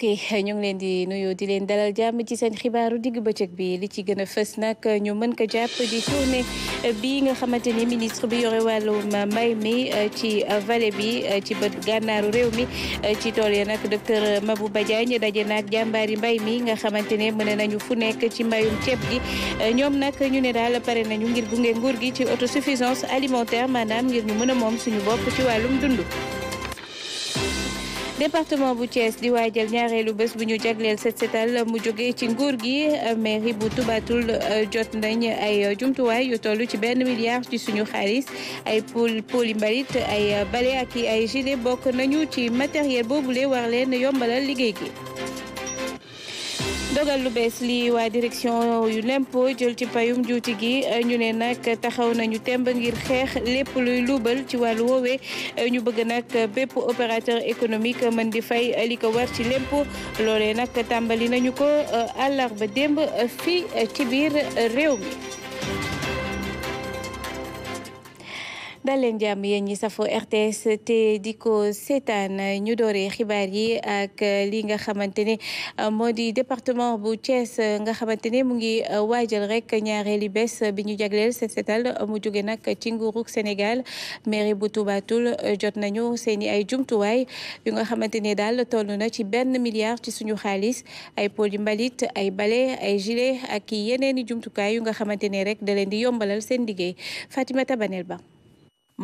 mbokk yi ñu ngi leen di nuyu di leen dalal jàmm ci seen xibaaru digg bëccëg bi li ci gën a fës nag ñu mën ko jàpp di ne bi nga xamante ni ministre bi yore ma mbay mi ci vallée bi ci bët gànnaaru réew mi ci tool ya nag docteur Mabou Badiagne daje jàmbaar yi mbay mi nga xamante ne mën nañu fu nekk ci mbayum ceeb gi ñoom nag ñu ne daal pare nañu ngir gunge nguur gi ci autosuffisance alimentaire maanaam ngir ñu mën a moom suñu bopp ci wàllum dund. département bu Thiès di waajal ñaareelu bés bu ñu jagleel set setal mu jóge ci nguur gi mairie bu Tubatul euh, jot nañ ay jumtuwaay yu toll ci benn milliard ci suñu xaalis ay pôle pôle mbalit ay bale ak ay gilet bokk nañu ci matériel boobule war leen yombalal liggéey gi. dogal lu bees li waa direction yu l'impôt jël ci payum juuti gi ñu ne nag taxaw nañu temb ngir xeex lépp luy luubal ci wàllu woowe ñu bëgg nag bépp opérateur économique mën di fay li ko war ci l'impôt loolee nag tàmbali nañu ko àllarba démb fii ci biir réew mi dal leen jàmm yéen ñi safo RTS te di ko seetaan ñu dooree xibaar yi ak li nga xamante ne moo di département bu Thiès nga xamante ne mu ngi euh, waajal rek ñaareeli bés bi ñu jagleel set setal mu jóge nag ci nguurug Sénégal mairie bu Touba Toul euh, jot nañu seeni ay jumtuwaay yu nga xamante ne daal toll na ci benn milliard ci suñu xaalis ay pôle mbalit ay balai ay gilet ak yeneeni jumtukaay yu nga xamante ne rek da leen di yombalal seen liggéey Fatimata Banel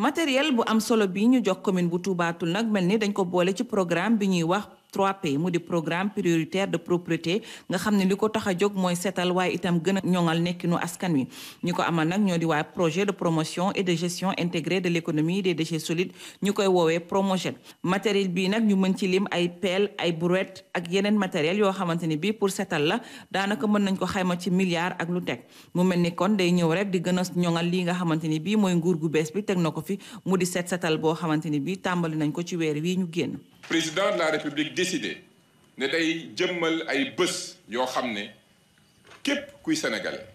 matériel bu am solo bi ñu jox commune bu Touba Toul nag mel ni dañ ko boole ci programme bi ñuy wax 3P mu di programme prioritaire de propreté nga xam ne li ko tax a jóg mooy seetal waaye itam gën a ñoŋal nekkinu askan wi ñi ko amal nag ñoo di waa projet de promotion et de gestion intégrée de l'économie des déchets solide ñu koy woowee Promojet matériel bi nag ñu mën ci lim ay peel ay brouette ak yeneen matériel yoo xamante ni bii pour seetal la daanaka mën nañ ko xayma ci milliards ak lu teg mu mel ni kon day ñëw rek di gën a ñoŋal lii nga xamante ni bii mooy nguur gu bees bi teg na ko mu di set setal boo xamante ni bii tàmbali nañ ko ci weer wii ñu génn président de la république décidé ne day jëmmal ay bëss yo xamné ne képp kuy sénégalais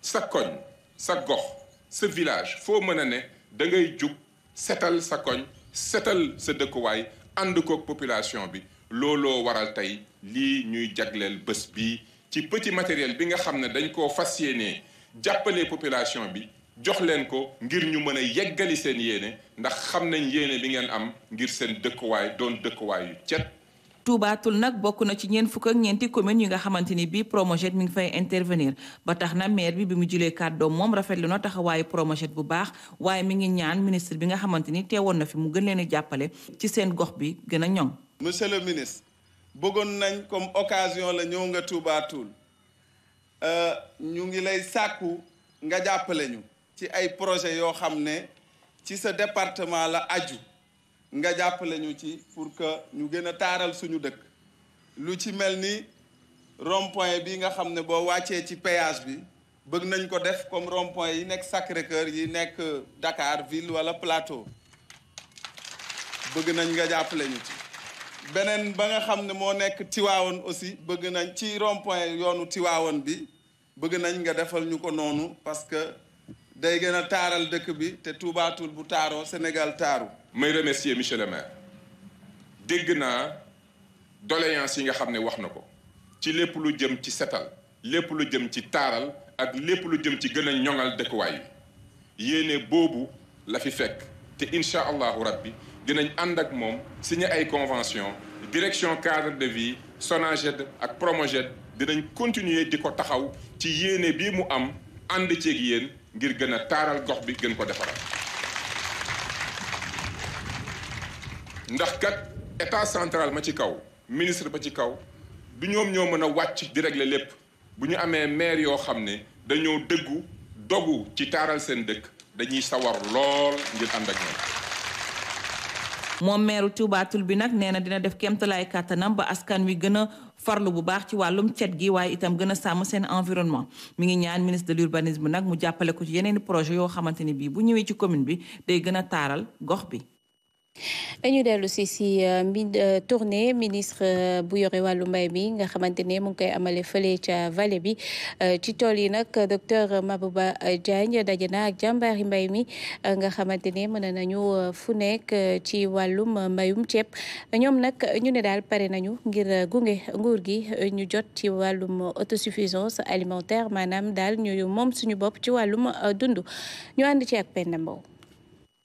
sa koñ sa gox ce village fo mëna né da ngay jug sétal sa koñ sétal sa dëkkuwaay and ko population bi lolo waral tay li ñuy jagleel bëss bi ci petit matériel bi nga xamné ne dañ ko fas yéenee population bi jox leen ko ngir ñu mën a yeggali seen yéene ndax xam nañ yéene bi ngeen am ngir seen dëkkuwaay doon dëkkuwaay yu cet Touba nag bokk na ci ñeent fukk ak ñeenti communes yi nga xamante ni bii Promojet mi ngi fay ba tax na maire bi bi mu jëlee kàddoom moom rafetlu na taxawaayu Promojet bu baax waaye mi ngi ñaan ministre bi nga xamante ni woon na fi mu gën leen jàppale ci seen gox bi gën a ñoŋ. monsieur le ministre bëggoon nañ comme occasion la ñëw nga Touba Toul euh, ñu ngi lay sàkku nga jàppale ñu. ci ay projet yoo xam ne ci sa departement la aju nga jàppale ñu ci pour que ñu gën a taaral suñu dëkk lu ci mel ni rond-point bi nga xam ne boo wàccee ci péage bi bëgg nañ ko def comme rond yi nekk Sacré-Cœur yi nekk Dakar ville wala plateau bëgg nañ nga jàppale ñu ci beneen ba nga xam ne moo nekk Tiwaawoon aussi bëgg nañ ci rond-point yoonu Tiwaawoon bi bëgg nañ nga defal ñu ko noonu parce que day gën a taaral dëkk bi te tuubaatul bu taaroo Sénégal taaru may remercier monsieur le maire dégg naa doléance yi nga xam ne wax na ko ci lépp lu jëm ci setal lépp lu jëm ci taaral ak lépp lu jëm ci gën a ñoŋal dëkkuwaay yi la fi fekk te incha allahu rabbi dinañ ànd ak moom signé ay convention direction cadre de vie SONAGED ak PROMOGED dinañ continuer di ko taxaw ci yéene bii mu am ànd ceeg ngir gën a taaral gox bi gën ko defaral ndax kat état central ma ci kaw ministre ba ci kaw du ñoom ñoo mën a wàcc di lépp bu ñu amee maire yoo xam ne dañoo dëggu dogu ci taaral seen dëkk dañuy sawar lool ngir ànd ak ñoom moom meeru Touba bi nag nee na dina def kéemtalaay kàttanam ba askan wi gën a farlu bu baax ci wàllum cet gi waaye itam gën a sàmm seen environnement mi ngi ñaan ministre de l'urbanisme nag mu jàppale ko ci yeneen projet yoo xamante ni bii bu ñëwee ci commune bi day gën a taaral gox bi dañu dellu si si euh, euh, tournée ministre euh, bu yore wàllu mbay mi nga xamante ne mu ngi koy amale fële ca vallée bi ci tool yi docteur Mabouba Djagne, daje na ak jàmbaari mbay mi nga xamante ne mën nañu fu nekk ci wàllum mbayum ceeb ñoom nag ñu ne daal pare nañu ngir gunge nguur gi ñu jot ci wàllum autosuffisance alimentaire Manam dal ñu moom suñu bopp ci wàllum dund ñu ànd ci ak Mbow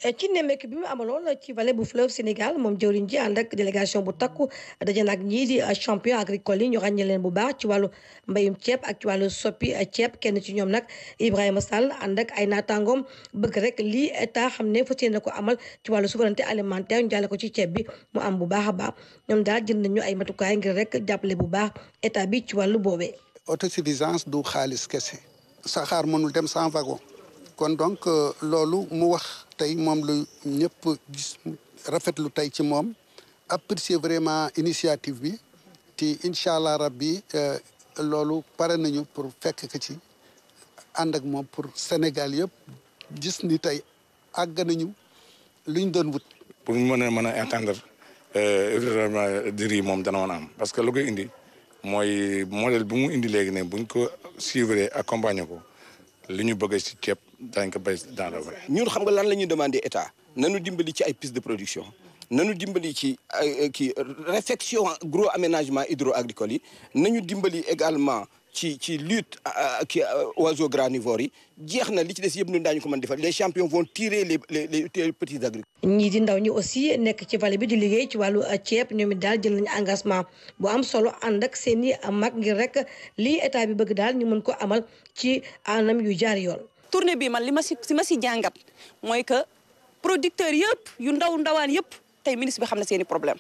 Eh, ci ne nemmeeku bi mu amaloon ci vallée bu fleuve Sénégal moom jëwriñ ji ànd ak délégation bu takku daje nag ñii di eh, champion agricole yi ñu ràññee leen bu baax ci wàllu mbayum ceeb ak ci wàllu soppi eh, ceeb kenn ci ñoom nag Ibrahima Sall ànd ak ay naataangoom bëgg rek lii état xam ne fas yéene ko amal ci wàllu souveraineté alimentaire ñu ko ci ceeb bi mu am bu baax ba ñoom daal jënd nañu ay matukaay ngir rek jàppale bu baax état bi ci wàllu boobee. autosuffisance du xaalis kese. saxaar mënul dem san wagon. kon donc euh, loolu mu wax tey moom lu ñëpp gis rafetlu tey ci moom apprécier vraiment initiative bi te incha allah rab rabbi euh, loolu pare nañu pour fekk ka ci ànd ak moom pour Sénégal yëpp gis ni tey àgg nañu luñ doon wut. pour ñu mën a mën a entendre euh, vraiment dir yi moom dana woon am parce que lu koy indi mooy modèle bu mu indi léegi ne buñ ko suivre accompagner ko li ñu bëgg ci ceeb danañ ko béy dans le ñun xam nga lan la ñuy demander état nañu dimbali ci ay piste de production nañu dimbali ci ki réfection gros aménagement hydro agricole yi nañu dimbali également ci ci lutte ki oiseaux granivores yi jeex na li ci dess yëpp ñun daañu ko mën defal les champions vont tirer les les les petits agriculteurs. ñi di ndaw ñi aussi nek ci vallée bi di liggéey ci walu uh, ciép ñoom it daal jël nañ engagement bu am solo ànd ak seen i mag ngir rek li état bi bëgg dal ñu mën ko amal ci anam yu jaar yoon. tournée bi man li ma si si ma si jàngat mooy que producteurs yëpp yu ndaw ndawaan yëpp tey ministre bi xam na seeni problème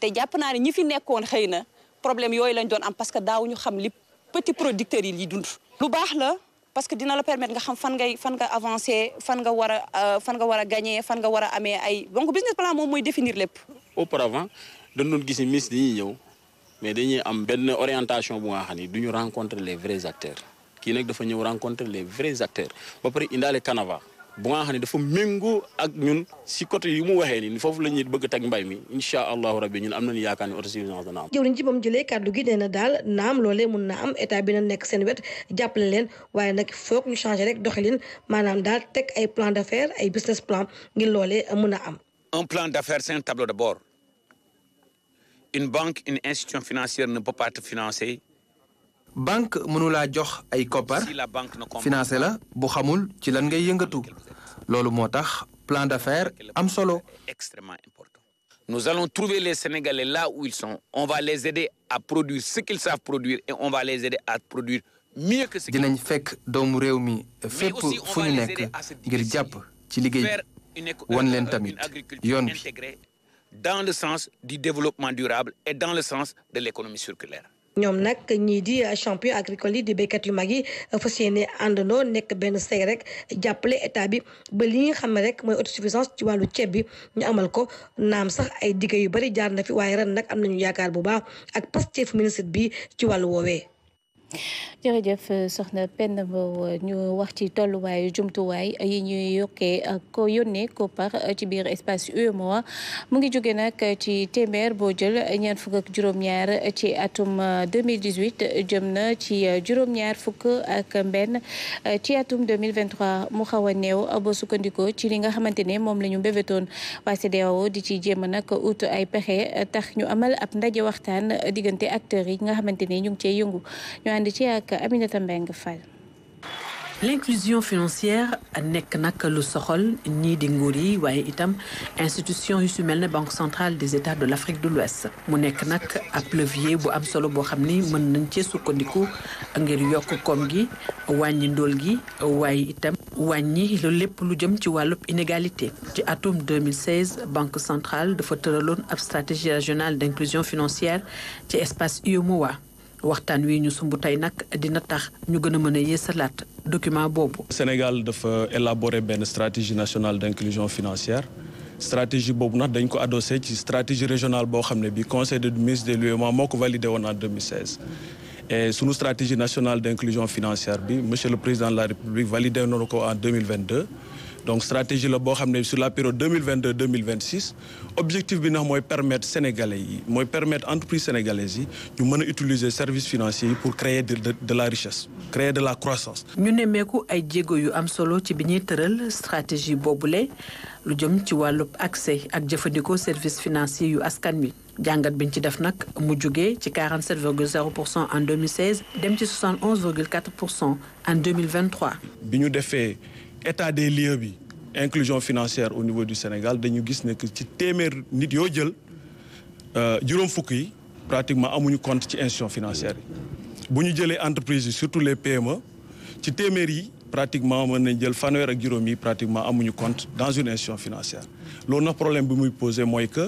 te jàpp naa ne ñi fi nekkoon xëy na problème yooyu lañ doon am parce que daaw ñu xam li petit producteurs yi liy dund. lu baax la parce que dina la permettre nga xam fan ngay fan nga avancer fan nga war a euh, fan nga war a gagner fan war a amee ay donc business plan moom mooy définir lépp. auparavant dañ doon gis ni ministre dañuy ñëw mais dañuy am benn orientation bu nga du ñu rencontrer les vrais acteurs. ki nek dafa ñëw rencontrer les vrais acteurs ba pare indaale canava bu nga xam dafa méngoo ak ñun ci côté yi mu waxé ni fofu la ñuy bëgg tag mbay mi incha allahu rabbi ñun am nañu yaakaar ni autosuffisance dana am jëwriñ ci bam mu jëlee kàddu gi nee na daal naam lolé mun na am état bi na nek seen wet jappalé leen waaye nak foog ñu changer rek doxalin manam dal tek ay plan d'affaires ay business plan ngir lolé mun a am un plan d'affaires c'est un tableau de bord une banque une institution financière ne peut pas te financer banque mënulaa jox ay koppar financé la bu xamul ci lan ngay yëngatu loolu moo tax plan d'affaires am solo. Nous allons trouver les Sénégalais là où ils sont. On va les aider à produire ce qu'ils savent produire et on va les aider à produire mieux que ce qu'ils savent. produire. va les aider à se ñu euh, dans le sens du développement durable et dans le sens de l'économie circulaire. ñoom nag ñii di champion agricole yi di béykat yu mag yi fas yéene àndandoo nekk benn say rek jàppale état bi ba li nga xam ne rek mooy suffisance ci wàllu ceeb bi ñu amal ko naam sax ay digge yu bari jaar na fi waaye ren nag am nañu yaakaar bu baax ak pasteef ministre bi ci wàllu woowee jërëjëf euh, soxna Penda Mbow euh, ñu wax ci tolluwaayu jumtuwaay yi ñu yokkee ko yónnee koppar euh, ci biir espace mois mu ngi jóge nag ci téeméer boo jël ñaar fukk ak juróom-ñaar ci atum 2018 jëm na ci juróom-ñaar fukk ak mbenn ci atum 2023 mu xaw a néew boo sukkandikoo ci li nga xamante ne moom la ñu mbébétoon waa CEDEAO di ci jéem nag ut ay pexe tax ñu amal ab ndaje waxtaan diggante acteurs yi nga xamante ne ñu ngi cee yëngu l'inclusion financière n'est que lu sol ni di ou itam institution yu banque centrale des états de l'Afrique de l'Ouest mu nekk nag ab levier bu am solo boo xam ni mën nañ cee sukkandiku ngir yokk gi gi itam wàññi lu lépp lu jëm ci wàllub inégalité ci atom 2016 banque centrale de tëraloon ab stratégie régionale d'inclusion financière ci espace UEMOA waxtaan wi ñu a document Sénégal dafa élaborer stratégie nationale d'inclusion financière stratégie stratégie régionale boo conseil de ministre de l'UEMA moo validé en 2016. et une stratégie nationale d'inclusion financière M. le président de la république validé en 2022 donc stratégie la boo sur la période 2022 2026 objectif est de permettre permettre sénégalais yi permettre entreprises sénégalaises yi ñu les services financiers pour créer de, la richesse créer de la croissance Nous avons ay que yu am solo ci stratégie boobule lu jëm ci accès à des services financiers yu askan wi jàngat biñ ci def nak mu joggé ci en 2016 dem ci 71,4% en 2023 biñu défé état des lieux inclusion financière au niveau du Sénégal nous gis que ci nit euh, pratiquement amuñu compte ci institution financière Si les surtout les PME ci pratiquement mën compte dans une institution financière loolu nag problème bi muy posé mooy que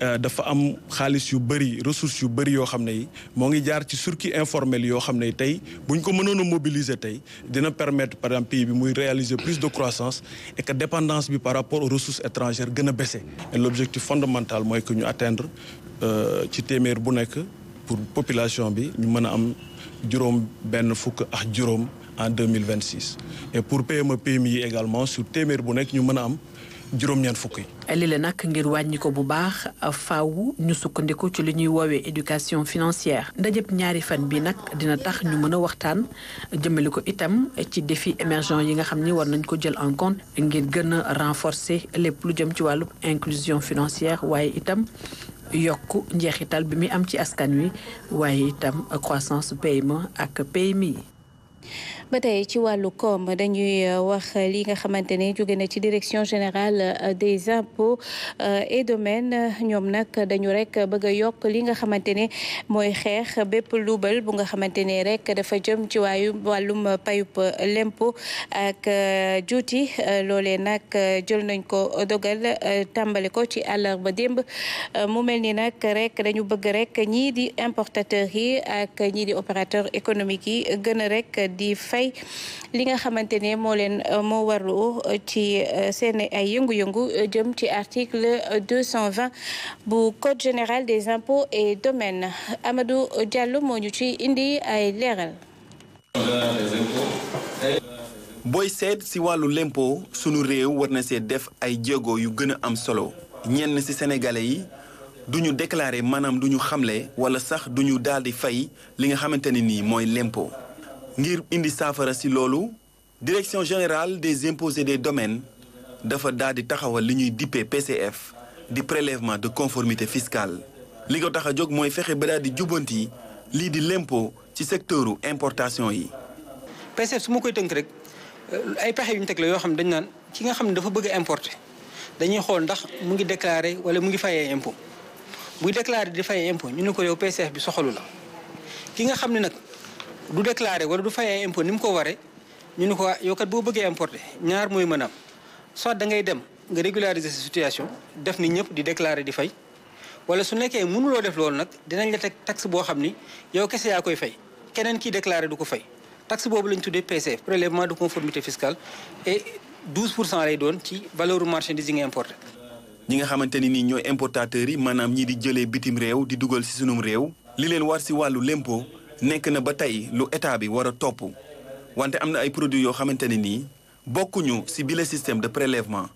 euh, dafa am xaalis yu bëri ressources yu bëri yoo xam ne yi moo ngi jaar ci circuit informel yoo xam ne tey ko mënoon a mobiliser tey dina permettre par exemple pays bi muy réaliser plus de croissance et que dépendance bi par rapport aux ressources étrangères gën a baisse. et l'objectif fondamental mooy que ñu atteindre euh, ci téeméer bu nekk pour population bi ñu mën a am juróom benn fukk ak juróom en 2026 et pour PME PMI également sur téeméer bu nekk ñu mën am juróom-ñeent fukk yi. li nag ngir wàññi ko bu baax faw ñu sukkandiku ci li ñuy woowee éducation financière ndajëb ñaari fan bi nag dina tax ñu mën a waxtaan jëmali ko itam ci défi émergent yi nga xam ni war nañ ko jël en compte ngir gën a renforcer lépp lu jëm ci wàllu inclusion financière waaye itam yokk njeexital bi muy am ci askan wi waaye itam croissance PME ak PMI. ba tey ci wàllu koom dañuy euh, wax li nga na ci direction générale euh, des impôts euh, et domaines ñoom nag dañu rek bëgg a yokk li nga xamante ne mooy xeex bépp bu nga rek dafa jëm ci waayu wàllum ak juuti loolee nag jël nañ ko dogal tàmbali ko ci àllarba démb mu mel ni rek dañu bëgg rek di importateurs yi ak ñii di opérateurs économiques yi rek di fay li nga xamantene mo len mo moo euh, euh, ci euh, seen ay yëngu-yëngu jëm ci article 220 bu code général des impôts et domaines Amadou Diallo mo ñu ci indi ay leral boy seet si Walu lempo sunu rew war na see def ay djego yu gëna am solo ñenn ci sénégalais yi duñu déclarer manam duñu xamlé wala sax duñu daldi fay li nga xamante ni moy l'impôt ngir indi saafara si loolu direction générale des impôts et des domaines dafa daal di taxawal li ñuy dippee PCF di prélèvement de conformité fiscale li ko tax a jóg mooy fexe ba daal di jubbanti lii di l'impôt ci secteur importation yi. PCF su ma koy tënk rek euh, ay pexe yu ñu teg la yoo xam ne naan ki nga xam ne dafa bëgg a importer dañuy xool ndax mu ngi déclarer wala mu ngi fayee impôt buy déclarer di fayee impôt ñu ne ko yow PCF bi soxalu la ki nga xam ne nag. du déclaré wala du fay ay impôt ni mu ko waree ñu ni ko yow kat boo bëggee importer ñaar mooy mën a am soit da ngay dem nga régulariser sa situation def ni ñëpp di déclaré di fay wala su nekkee mënuloo def loolu nag dinañ la teg taxe boo xam ni yow kese yaa koy fay keneen kiy déclaré du ko fay. taxe boobu lañ tuddee PCF prélèvement de conformité fiscale et 12 pour cent lay doon ci valeur marchandise yi nga importé. ñi nga xamante ni nii ñooy importateurs yi maanaam ñii di jëlee bitim réew di dugal si sunum réew li leen war si wàllu lempo nekk na ba tey lu état bi war a topp wante am na ay produit yoo xamante ne nii bokkuñu ci bile système de prélèvement.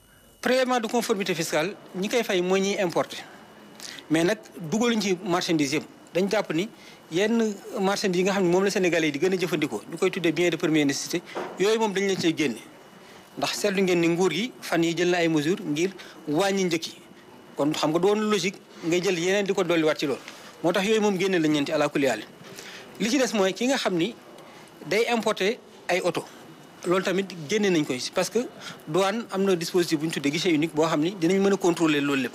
prélèvement de conformité fiscale ñi koy fay mooy ñiy importe mais nag dugaluñ ci marchandise dañ jàpp ni yenn marchandise yi nga xam ne moom la Sénégalais yi di gën a jëfandikoo ñu koy tuddee bien de première nécessité yooyu moom dañu leen cee génne ndax seetlu ngeen ni nguur yi fan yi jël na ay mesures ngir wàññi njëkk yi kon xam nga doonu logique nga jël yeneen di ko dolliwaat ci loolu moo tax yooyu moom génne lañ leen ci alaakulli li ci des mooy ki nga xam ni day importer ay auto loolu tamit génne nañ koy si parce que douane am na dispositif bu ñu tuddee guichet unique boo xam ni dinañ mën a contrôler loolu lépp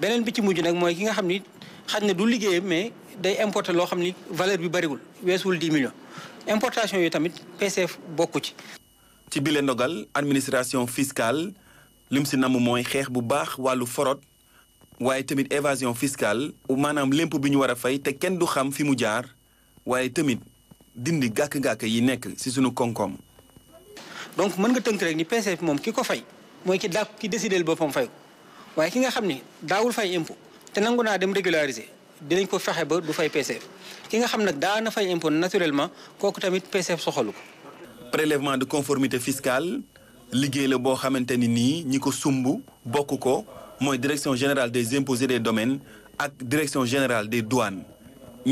beneen bi ci mujj nag mooy ki nga xam ni xaj na du liggéeyam mais day importer loo xam ni valeur bi bariwul weesuwul 10 millions importation yi tamit PCF bokku ci. ci bile ndogal administration fiscale lim si namm mooy xeex bu baax wàllu forot waaye tamit évasion fiscale maanaam lépp bi ñu war a fay te kenn du xam fi mu jaar waaye tamit dindi gàkk-gàkk yi nekk si sunu koom-koom. donc mën nga tënk rek ni PCF moom ki ko fay mooy ki daa ki décidé boppam fay waaye ki nga xam ni daawul fay impôt te nangu naa dem régulariser dinañ ko fexe ba du fay PCF ki nga xam nag daa na fay impôt naturellement kooku tamit PCF soxalu ko. prélèvement de conformité fiscale liggéey la boo xamante ni nii ñi ko sumb bokk ko mooy direction générale des impôts et des domaines ak direction générale des douanes.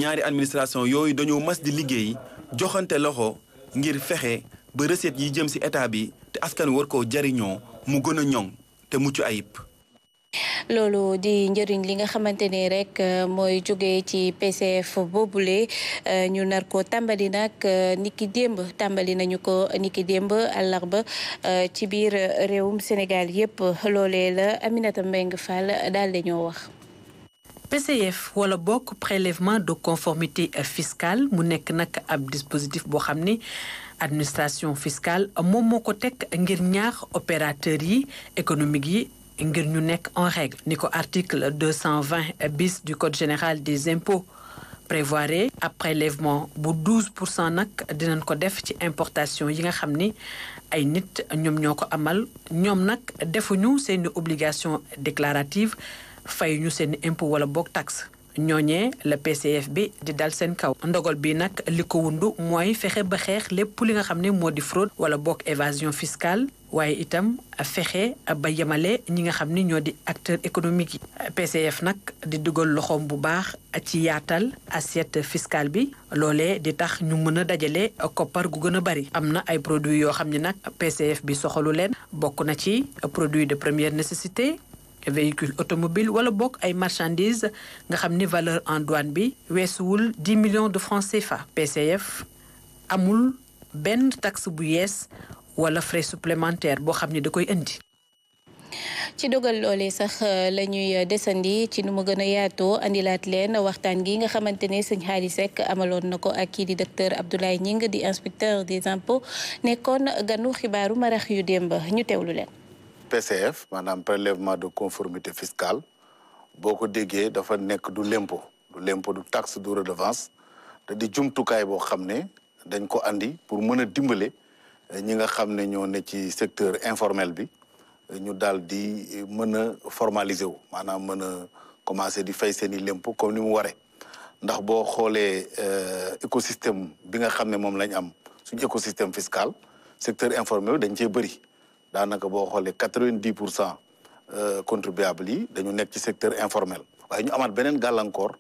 ñaari administration yooyu dañoo mas di liggéey joxante loxo ngir fexe ba recette yi jëm ci état bi te askan war ko jariñoo mu gën a ñoŋ te mucc ayib. loolu di njëriñ li nga xamante ni rek euh, mooy jóge ci PCF boobule euh, ñu nar ko tàmbali nag euh, niki démb tàmbali nañu ko niki démb àllarba ci biir réewum Sénégal yépp loolee la Aminata Mbengue Fall daal dañoo wax. PCF wala bokk prélèvement de conformité fiscale mu nek nak ab dispositif bo xamni administration fiscale mom moko tek ngir ñaar opérateurs yi économique yi ngir ñu nek en règle ni ko article 220 bis du code général des impôts prévoiré ab prélèvement bu 12 nak dinañ ko def ci importation yi nga xamni ay nit ñom ñoko amal ñom nak defu ñu seeni obligation déclarative fay ñu seen impôt wala bok taxe ñooñee la PCF bi di dal seen kaw ndogal bi nag li ko wundu mooy fexe ba xeex lépp li nga xam ne moo di fraude wala boog évasion fiscale waaye itam fexe ba yemale ñi nga xam ni ñoo di acteurs économiques yi. PCF nag di dugal loxoom bu baax ci yaatal assiette fiscale bi loolee di tax ñu mën a dajale koppar gu gën a bari. am na ay produits yoo xam ne nag PCF bi soxalu leen bokk na ci produit de première nécessité véhicule automobile wala bok ay marchandises nga xamni valeur en douane bi wessoul 10 millions de francs CFA. PCF amul benn taxe bu yes wala frais supplémentaires bo xamni da koy indi. ci dogal lolé sax euh, lañuy euh, descendi ci numu gëna gën andi yaatoo andilaat waxtaan gi nga xamantene ne sëñ sek Seck amaloon na ak kii di docteur Abdoulaye Gningue di inspecteur des impôts nekkoon ganu xibaaru marax yu démb ñu tewlu len PCF maanaam prélèvement de conformité fiscale boo ko déggee dafa nekk du lempo du lempo du taxe du redevance te di jumtukaay boo xam ne dañ ko andi pour mën a dimbale ñi nga xam ne ñoo ne ci secteur informel bi ñu daal di mën a formaliser wu maanaam mën a commencer di fay seen i lempo comme ni mu waree ndax boo xoolee euh, écosystème bi nga xam ne moom lañ am suñu écosystème fiscal secteur informel dañ cee bëri. danaka bo xolé 90% vingt dix pour euh, contribuables yi dañu nek ci secteur informel waaye ñu amat benen galancor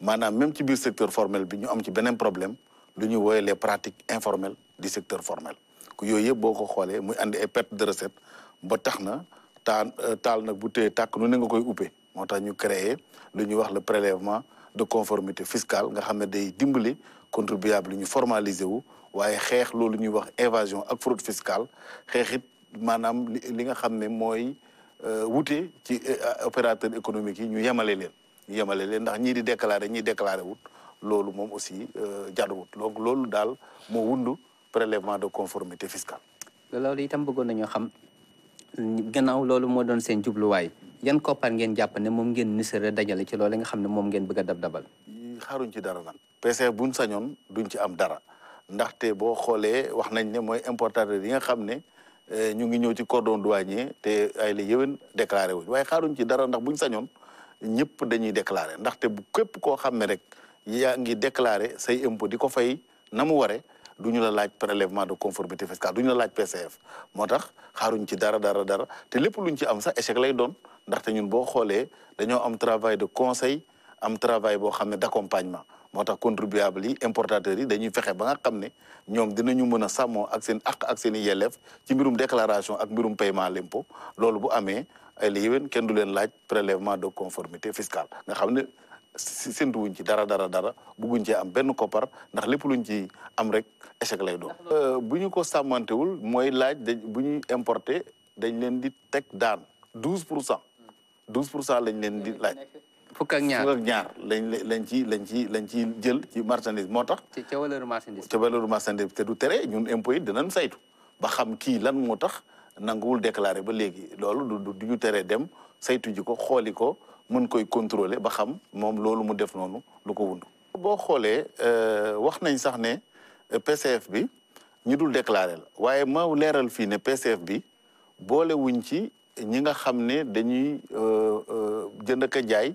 maanaam même ci biir secteur formel bi ñu am ci benen problème lu ñuy les pratiques informelles du secteur formel ku yooyu yëpp boo ko muy andi ay perte de recette ba taxna na taal euh, taal bu téye tak nu ne nga koy uppé moo tax ñu créer lu ñuy wax le prélèvement de conformité fiscale nga xam ne day dimbali contribuable ñu formaliser wu waaye xex lolu ñuy wax évasion ak fraude fiscale xeexit manam li nga xam ne euh, wuté ci euh, euh, opérateur économique yi ñu yamalé len ñu yemale leen ndax ñi di déclarer ñi déclarer wut lolu mom aussi jaaduwut donc lolu dal mo wundu prélèvement de conformité fiscale. loolu itam bëggon nañu xam gannaaw lolu mo doon seen jubluwaay yan koppar ngeen japp ne mom ngeen nisere dajalé ci lolu nga xam mom ngeen bëgg dab dabal. xaruñ ci dara nag. pc buñ sañon duñ ci am dara ndaxte bo xolé wax nañ ne moy importateur yi nga xam ne. e ñu ngi ñëw ci cordon ñi te ay la yéwén déclaré wuñ waaye xaaruñ ci dara ndax buñ sañoon ñëpp dañuy déclaré ndaxte bu képp koo xam ne rek yaa ngi déclaré say impôt di ko fay na mu waree du ñu la laaj prélèvement de conformité fiscale du ñu la laaj PCF moo tax xaaruñ ci dara dara dara te lépp luñ ci am sax échec lay doon ndaxte ñun boo xoolee dañoo am travail de conseil am travail boo xam ne d' accompagnement moo tax contribuable yi importateurs yi dañuy fexe ba nga xam ne ñoom dinañu mën a sàmmoo ak seen àq ak seen i yelleef ci mbirum déclaration ak mbirum paiement l'impôt loolu bu amee ay la kenn du leen laaj prélèvement de conformité fiscale nga xam ne wuñ ci dara dara dara bugguñ ci am benn koppar ndax lépp luñ ci am rek échec lay doon euh, bu ñu ko sàmmantewul mooy laaj dañ bu ñuy importer dañ leen di teg daan douze pour cent douze pour cent lañ leen di laaj fukk ak ñaar fukk ak lañ ci lañ ci lañ ci jël ci marchandise moo tax. ci ca valeur marchandise. ca valeur marchandise te du tere ñun impôt yi dinañ saytu ba xam kii lan moo tax nanguwul déclaré ba léegi loolu du du ñu tere dem saytu ji ko xooli ko mën koy contrôler ba xam moom loolu mu def noonu lu ko wund. boo xoolee euh, wax nañ sax ne euh, PCF bi ñu dul déclaré la waaye ma leeral fii ne PCF bi boolewuñ ci ñi nga xam ne dañuy euh, jënd ak jaay.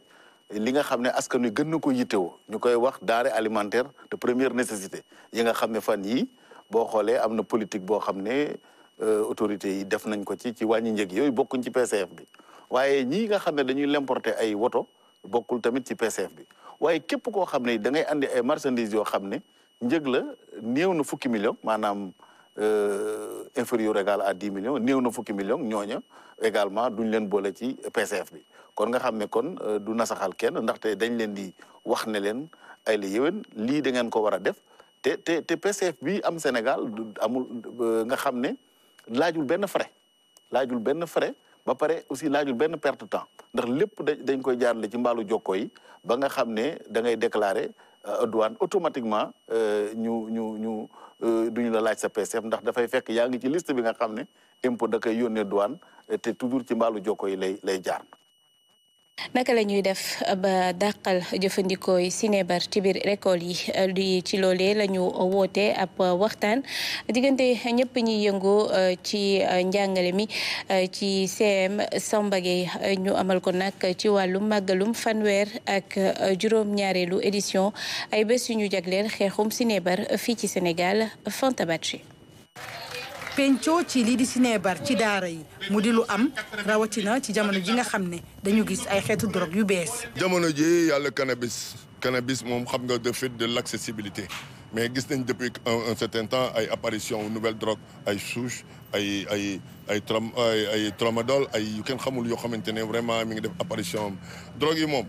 li nga xam ne askan wi gën na ko yittewoo ñu koy wax denrée alimentaire de première nécessité yi nga xam ne fan yi boo xoolee am na politique boo xam ne euh, autorités yi def nañ ko ci ci wàññi njëg yooyu bokkuñ ci PCF bi waaye ñi nga xam ne dañuy l'importer ay woto bokkul tamit ci PCF bi waaye képp koo xam ne da ngay andi ay marchandises yoo xam ne njëg la néew na fukki million maanaam Euh, inférieur égal à dix millions néew na fukki millions ñooña également duñ leen boole ci PCF bi kon nga xam ne kon euh, du nasaxal kenn ndaxte dañ leen di wax ne leen ay la yéwén lii da ngeen ko war a def te te te PCF bi am Sénégal amul euh, nga xam ne laajul benn frais laajul benn frais ba pare aussi laajul benn perte temps ndax lépp dañ koy jaarale ci mbaalu jokko yi ba nga xam ne da ngay déclarer Euh, douane automatiquement euh, ñu ñu ñu euh, duñu la laaj sa PCF ndax dafay fekk yaa ngi ci liste bi nga xam ne impôt da koy yónnee duwaan te toujours ci mbaalu jokko yi lay lay jaar. naka la ñuy def ba dàqal jëfandikoo yi sinébar ci biir école yi di ci loolee lañu woote ab waxtaan diggante ñëpp ñuy yëngoo e, ci njàngale mi e, ci CM Samba e, ñu amal ko nag ci wàllum màggalum fanweer ak juróom-ñaareelu édition ay bés yu ñu jagleel xeexum sinébar fii ci Sénégal Fanta pencho ci lii di sinéebar ci daara yi mu di lu am rawatina ci jamono ji nga xam dañu gis ay xétu drogue yu bess jamono ji yalla cannabis cannabis mom xam nga de fait de l'accessibilité mais gis nañ depuis un certain temps ay apparition nouvelle drogue ay souche ay ay ay tram ay ay tramadol ay yu ken xamul yo xamantene vraiment mi ngi def apparition drogue yi mom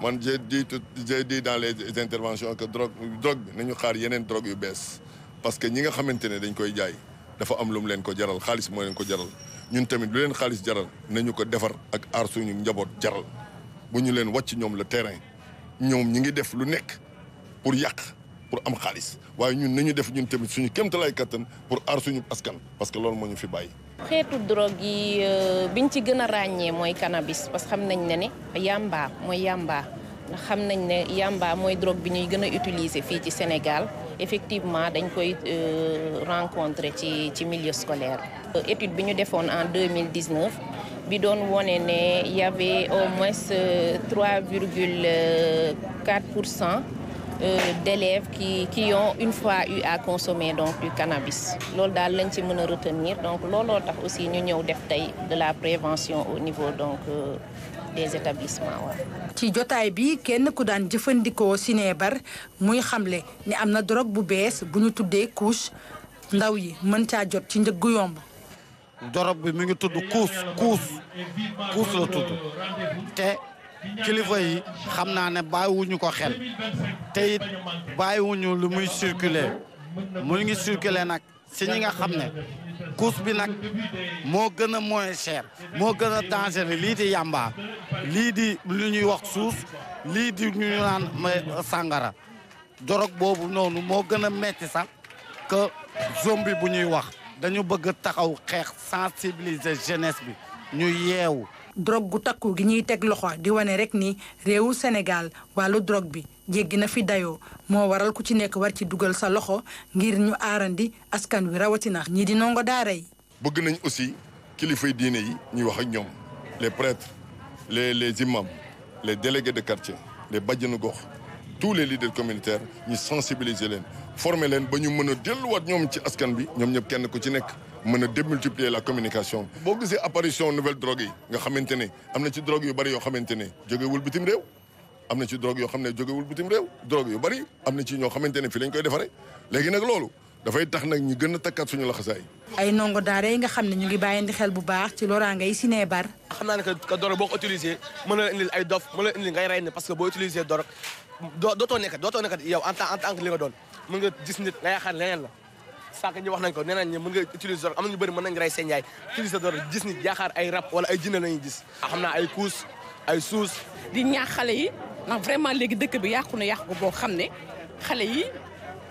man j'ai dit tout j'ai dit dans les interventions que drogue drogue nañu xaar yenen drogue yu bess parce que ñi nga xamantene dañ koy jaay. dafa am lu leen ko jaral xaalis moo leen ko jaral ñun tamit lu leen xaalis jaral nañu ko defar ak aar suñu njaboot jaral bu ñu leen wàcc ñoom le terrain ñoom ñi ngi def lu nekk pour yàq pour am xaalis waaye ñun nañu def ñun tamit suñu kéemtalaay kattan pour aar suñu askan parce que loolu moo ñu fi bàyyi. xeetu drogue yi euh, biñ ci gën a ràññee mooy cannabis parce que xam nañ ne ne yamba mooy yamba ndax xam nañ ne yamba mooy drogue bi ñuy gën a utiliser fii ci Sénégal. effectivement dañ koy euh, rencontrer ci milieu scolaire euh, étude bi ñu en 2019 bi y avait au moins 3,4 euh, d'élèves qui ont une fois eu à consommer donc du cannabis Lors dal lañ ci retenir donc lolo tax aussi ñu union def de la prévention au niveau donc des établissements waaw. ci jotaay bi kenn ku daan jëfandikoo Sinébar muy xamle ni am na drogue bu bees bu ñu tuddee couche ndaw yi mën caa jot ci njëg gu yomb. drogue bi mi ngi tudd couche couche couche la tudd te. kilifa yi xam naa ne bàyyiwuñu ko xel te it bàyyiwuñu lu muy circuler mu ngi circuler nag si ñi nga xam ne course bi nag moo gën a moins cher moo gën a dangereux lii di yàmba lii di lu ñuy wax suus lii di ñu naan sàngara dorog boobu noonu moo gën a metti sax que zombie bu ñuy wax dañu bëgg taxaw xeex sensibiliser jeunesse bi ñu yeewu drogue gu takku gi ñuy teg loxo di wane rek ni réewu Sénégal wàllu drogue bi jéggi na fi dayo mo waral ku ci nek war ci duggal sa loxo ngir ñu arandi askan wi rawatina ñi di nongo daara yi. bëgg nañ aussi kilifay diine yi ñi wax ak ñom les prêtres les les imams les délégués de quartier les bajjenu gox tous les leaders communautaires ñi sensibiliser leen former leen ba ñu mën a delluwaat ñoom ci askan bi ñom ñep kenn ku ci nekk. mën a démultiplier la communication boo gisee apparition nouvelle drogue yi nga xamante amna ci drogue yu bari yo xamante ne jógewul bitim rew am na ci drogue yoo xam ne jógewul bitim réew drogue yu bari am na ci ñoo xamante ne fii lañ koy defaree léegi nag loolu dafay tax nag ñu gën a takkaat suñu laxasaay ay ndongo daara yi nga xam ne ñu ngi bàyyindi xel bu baax ci loraanga yi si nee bar xam naa na la indil ay dof mën na la rey ne parce que boo utilisé dorog dootoo nekkat dootoo nekkat yow en tant en tant nit nga yaakaar leneen la sànq ñi wax nañ ko nee nañ mën nga utiliser dorog am na ñu bëri mën nañ rey gis nit yaakaar ay rab wala ay jinne lañuy gis xam naa ay kuus ay suus. di ñaax xale yi ndax vraiment léegi dëkk bi yàqu na yàqu boo xam ne xale yi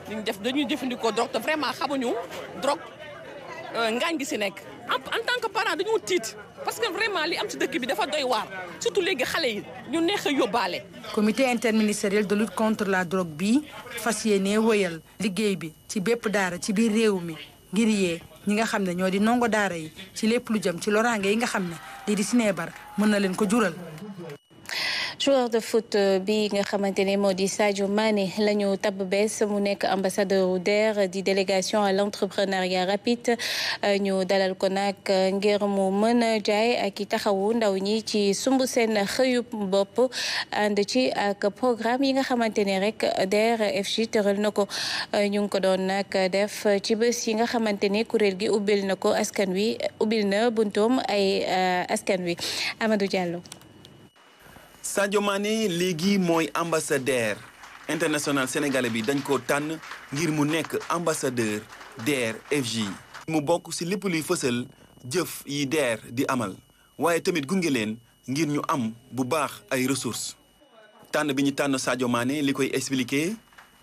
dañuy def dañuy jëfandikoo drogue te vraiment xamuñu drogue euh, ngaañ gi si nekk. en tant que parent dañoo tiit parce que vraiment li am si dëkk bi dafa doy waar surtout léegi xale yi ñu neex a yóbbaale. comité interministériel de lutte contre la drogue bi fas yéene wëyal liggéey bi ci bépp daara ci biir réew mi ngir yee ñi nga xam ne ñoo di ndongo daara yi ci lépp lu jëm ci loraange yi nga xam ne lii di sineebar mën na leen ko jural. joueur de foot euh, bi nga xamante ne moo di Sadio Mané la ñu tabb bees mu nekk ambassadeur u DER di délégation à l'entrepreneuriat rapide euh, ñu dalal ko nag euh, ngir mu mën a jaay ak i taxawu ndaw ñi ci sumb seen xëyub bopp ànd ci ak programme yi nga xamante ne rek DER/FJ na ko ñu ngi ko doon nag def ci bés yi nga xamante ne kuréel gi ubbil na ko askan wi ubbil na buntoom ay askan wi Amadou Diallo Sadio Mané léegi mooy ambassadeur international sénégalais bi dañ ko tànn ngir mu nekk ambassadeur DER FJ. mu bokk ci lépp luy fësal jëf yi DER di amal waaye tamit gunge leen ngir ñu am bu baax ay ressource tànn bi ñu tànn Sadio Mané li koy expliquer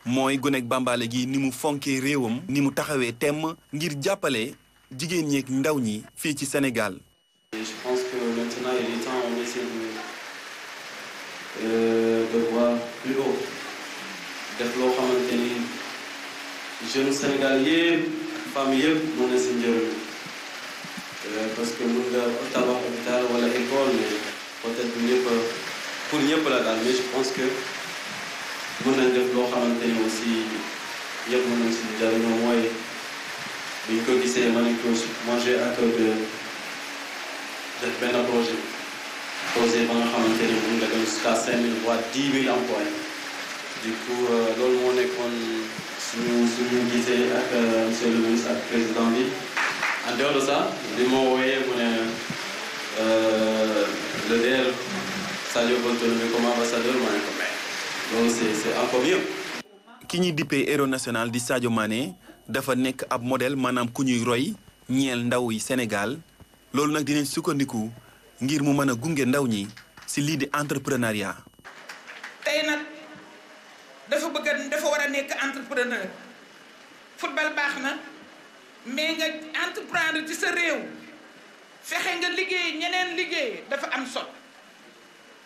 mooy gunek bambale gi ni mu fonkee réewam. ni mu taxawee temm ngir jàppale jigéen ñeek ndaw ñi fii ci Sénégal. Euh, voir plus haut je flots un jeune Sénégalais, famille euh, parce que nous, avons un hôpital une école peut-être pour pour la mais je pense que nous, nañ de aussi moi j'ai à cœur de d'être bien projet. Euh, euh, projet euh, comme ambassadeur ma ne ko mais loolu c'est ki ñuy dippee héros national di Sadio Mané dafa nekk ab modèle maanaam ku ñuy roy ñeel ndaw yi Sénégal loolu nag dinañ sukkandiku. ngir mu mën a gunge ndaw ñi ci lii di entrepreneuriat. tey nag dafa bëgg dafa war a nekk entrepreneur football baax na mais nga entreprendre ci sa réew fexe nga liggéey ñeneen liggéey dafa am solo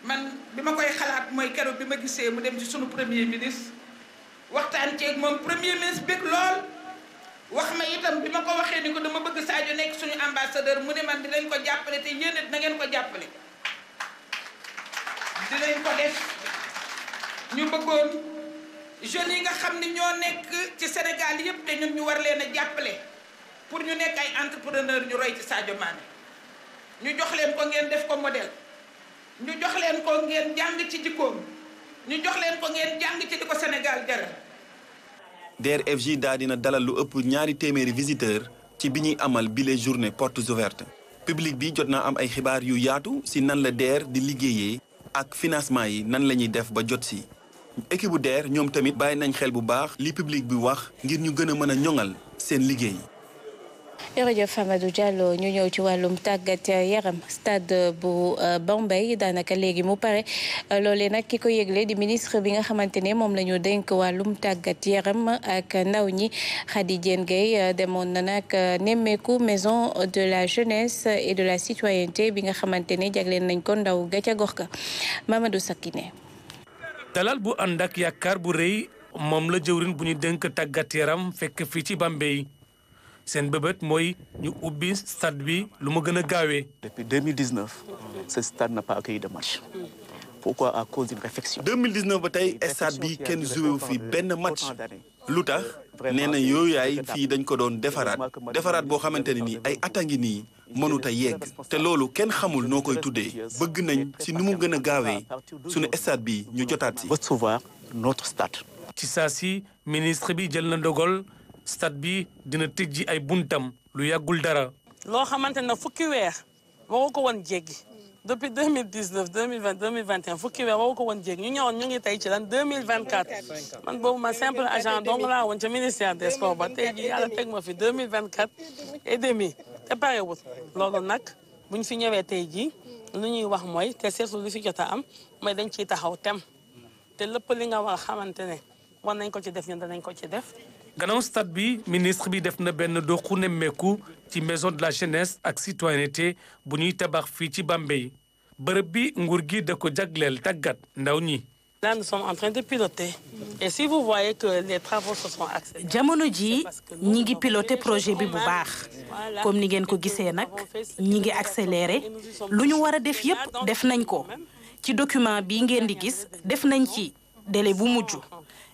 man bi ma koy xalaat mooy keroog bi ma gisee mu dem ci sunu premier ministre waxtaan ceeg moom premier ministre bëgg lool. wax ma itam bi ma ko waxee ni ko dama bëgg Sadio nekk suñu ambassadeur mu ne man dinañ ko jàppale te yéen it ngeen ko jàppale dinañ ko def ñu bëggoon jeunes yi nga xam ni ñoo nekk ci Sénégal yépp te ñun ñu war leen a jàppale pour ñu nekk ay entrepreneur ñu roy ci Sadio Mané ñu jox leen ko ngeen def ko modèle ñu jox leen ko ngeen jàng ci jikkoom ñu jox leen ko ngeen jàng ci li ko Sénégal jaral DRFJ daal dina dalal lu ëpp ñaari téeméeri visiteurs ci bi ñuy amal bile journée portes ouvertes public bi jot na am ay xibaar yu yaatu si nan la DER di liggéeyee ak financement yi nan la ñuy def ba jot si. équipe bu DER ñoom tamit bàyyi nañ xel bu baax li public bi wax ngir ñu gën a mën a ñoŋal seen liggéey. jërëjëf Amadou Diallo ñu ñëw ci wàllum tàggat yaram stade bu euh, Bambey daanaka léegi mu pare euh, loolee nag ki ko yëgle di ministre bi nga xamante ne moom la dénk wàllum tàggat yaram ak ndaw ñi Khady Diène Gaye euh, demoon na nag nemmeeku maison de la jeunesse bi nga xamante ne jagleen nañ ko ndaw ga ca gox ka Mamadou Sakine. dalal bu ànd ak yaakaar bu rëy moom la jëwrin bu ñu dénk tàggat yaram fekk fii ci Bambey. seen bëbët mooy ñu ubbi stade bi lu mu gën a gaawee. depuis 2019 ce stade n'a pas accueilli de match. pourquoi à cause d'une réflexion. 2019 ba tey stade bi kenn joué fi benn match lu tax nee na yooyu ay fii dañ ko doon defaraat defaraat boo xamante ne nii ay attangi nii mënut a yegg te loolu kenn xamul noo koy tuddee bëgg nañ ci nu mu gën a gaawee suñu stade bi ñu jotaat si. recevoir notre stade. ci saa si ministre bi jël na dogal. stade bi dina tëj ji ay buntam lu yàggul dara. loo xamante ne fukki weer waru ko woon jéggi depuis 2019 2020 2021 fukki weer waru ko woon jéggi ñu ñëwoon ñu ngi tey ci lan 2024 man boobu ma simple agent donc laa woon ca ministère des sports ba tey jii yàlla teg ma fi 2024 et demi te parewul loolu nag bu ñu fi ñëwee tey jii lu ñuy wax mooy te surtout li fi jot a am mooy dañ ciy taxaw tem te lépp li nga war a xamante ne war nañ ko ci def ñun danañ ko ci def gannaaw stade bi ministre bi def na benn doxu nemmeeku ci maison de la jeunesse ak citoyenneté bu ñuy tabax fii ci Bambey bërëb bi nguur gi da ko jagleel tàggat ndaw ñi. Là, nous en train de piloter. Et si vous voyez que les travaux se sont accélérés. jamono ñi ngi piloter projet bi bu baax comme ni ngeen ko gisee nag ñi ngi accéléré lu ñu war a def yépp def nañ ko ci document bi ngeen di gis def nañ ci délai bu mujj.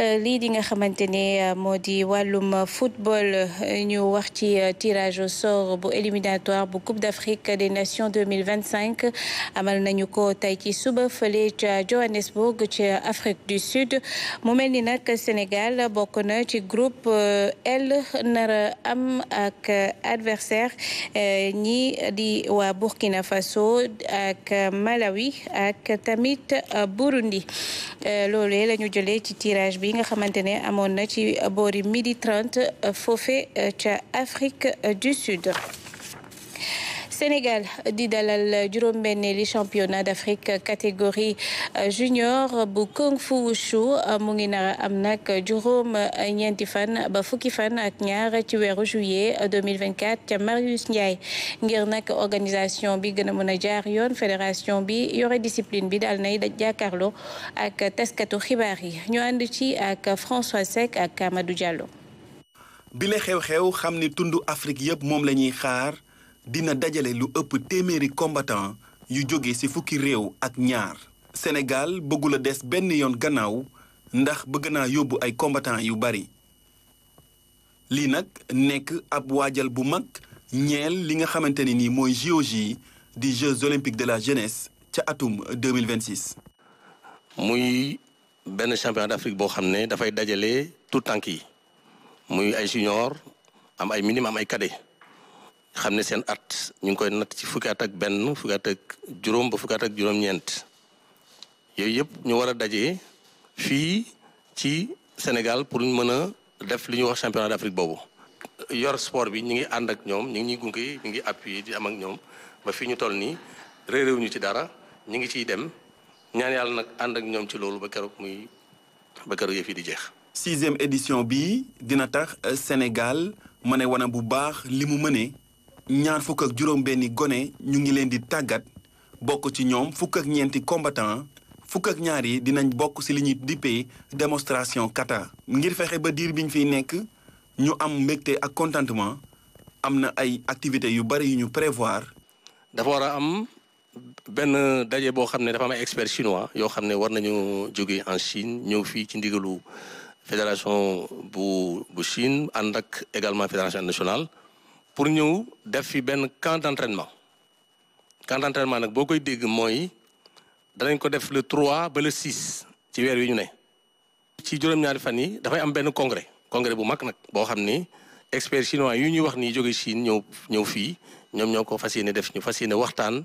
Euh, lii di nga xamantene Modi euh, moo di wàllum football euh, ñu wax ci tirage au sort bu éliminatoire bu Coupe d'Afrique des Nations 2025 amal nañu ko tey ci suba fële ca Johannesburg ci Afrique du Sud mu mel ni Sénégal bokk ci groupe L nara am ak adversaire ñi di waa Burkina Faso ak Malawi ak tamit Burundi loolee la ci tirage bi nga xamantene amon na ci boori midi 30 fofé ca Afrique du Sud. Sénégal di dalal les championnats championnat d'Afrique catégorie euh, junior bu kung fu wushu euh, mu ngi nar am nak juróom ñenti fan ba fukki fan ak ñaar ci wéru juillet 2024 euh, ci Marius Ndiaye ngir nak organisation bi gëna mëna jaar yoon fédération bi yore discipline bi dal nay jàkkaarloo ak teskatu xibaar yi ñu and ci ak François Seck ak Amadou Diallo. bile xew-xew xamni tundu Afrique yëpp mom lañuy xaar dina dajale lu ëpp téeméeri combattant yu jóge ci fukki réew ak ñaar Sénégal bëggula des benn yoon gannaaw ndax bëgg naa yóbbu ay combattant yu bari lii nag nekk ab waajal bu mag ñeel li nga xamante ne ni mooy JOJ di Jeux olympiques de la jeunesse ca atum 2026 muy benn championnat d'Afrique boo xam ne dafay dajale tout tànk yi muy ay junior am ay minime ay cadet xam ne seen at ñu ngi koy natt ci fukki at ak benn fukki at ak juróom ba fukki at ak juróom-ñeent yooyu yëpp ñu war a daje fii ci senegal pour ñu mën a def li ñuy wax championnat d'Afrique boobu. yor sport bi ñu ngi ànd ak ñoom ñu ngi ñuy gunge ñu ngi appuyer di am ak ñoom ba fii ñu toll nii réeréew ñu ci dara ñu ngi ciy dem ñaan yàlla nag ànd ak ñoom ci loolu ba keroog muy ba keroog yëf yi di jeex. sixième édition bi dina tax senegal mën a wane bu baax li mu mënee. ñaar fukk ak juróom benni gone ñu ngi leen di tàggat bokk ci ñoom fukk ak ñeenti combattant fukk ak ñaar yi dinañ bokk si li ñuy dippee démonstration kata ngir fexe ba diir biñ fiy nekk ñu am mbégte ak contentement am na ay activité yu bari yu ñu prévoir dafa am benn daje boo xam ne dafa am expert chinois yoo xam ne war nañu jóge en chine ñëw fii ci ndigalu fédération bu bu chine ànd ak également fédération nationale pour ñëw def fi benn camp d'entraînement camp d'entraînement nag boo koy dégg mooy danañ ko def le 3 ba le 6 ci weer wi ñu ne. ci juróom-ñaari fan yi dafay am benn congrès congrès bu mag nag boo xam ni experts chinois yu ñuy wax nii jóge Chine ñëw ñëw fii ñoom ñoo ko fas yéene def ñu fas yéene waxtaan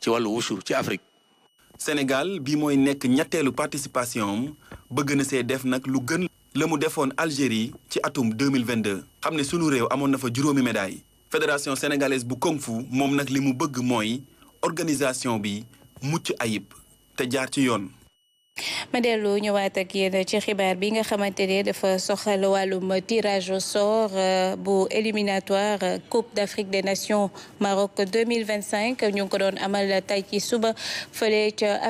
ci wàllu wushu ci Afrique. Sénégal bi mooy nekk ñetteelu participation bëgg na see def nag lu gën. la mu defoon Algérie ci atum 2022 xam ne sunu réew amoon na fa juróomi médaille fédération sénégalaise bu kung moom nag li mu bëgg mooy organisation bi mucc ayib te jaar ci yoon Madeleine, nous ñëwaat ak yéen ci xibaar bi nga xamante ne dafa tirage au sort euh, bu éliminatoire euh, Coupe d'Afrique des Nations Maroc 2025 ñu ngi ko doon amal tay ci suba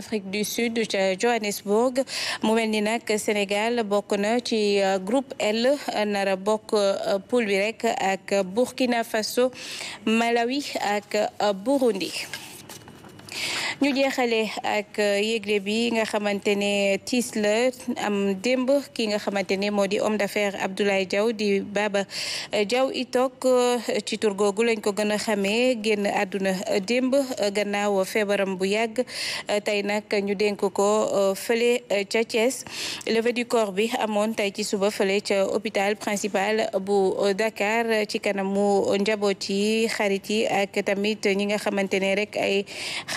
Afrique du Sud ca Johannesburg mu mel ni Sénégal bokk euh, groupe L nara bokk poule bi rek ak Burkina Faso Malawi ak Burundi ñu jeexale ak euh, yégle bi nga xamante ne tiis la am démb ki nga xamante ne moo di homme d'affaires Abdoulaye jaw di Baba Diaw itoog euh, ci tur googu lañ ko gën a xamee génn àdduna euh, démb gannaaw feebaram bu yàgg tey nag ñu dénk ko fële ca Thiès levée du corps bi amoon tey ci suba fële ca hôpital principal bu Dakar ci kanamu njaboot yi xarit yi ak tamit ñi nga xamante ne rek ay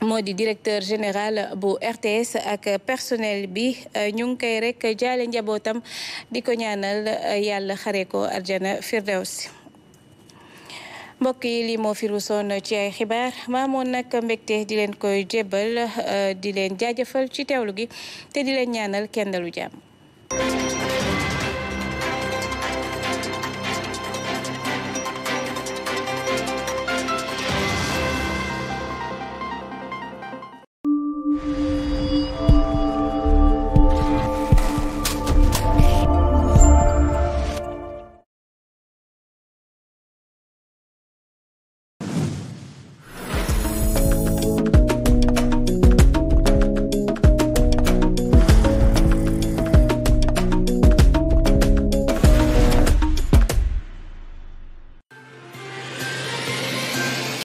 moo di directeur général bu RTS ak personnel bi euh, ñu ngi koy rekk jaale njabootam di ko ñaanal euh, yàlla xare ko arjana firdawsi mbokk yi lii moo fi ruusoon ci ay xibaar maamoon nag mbégte di leen koy jébbal euh, di leen jaajëfal ci teewlu gi te di leen ñaanal kendalu jàmm